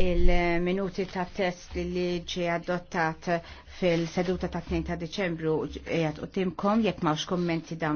il-minuti ta' test li ġi adottat fil-seduta ta' 2 ta' Deċembru jgħat u timkom jekk mawx kommenti dawn.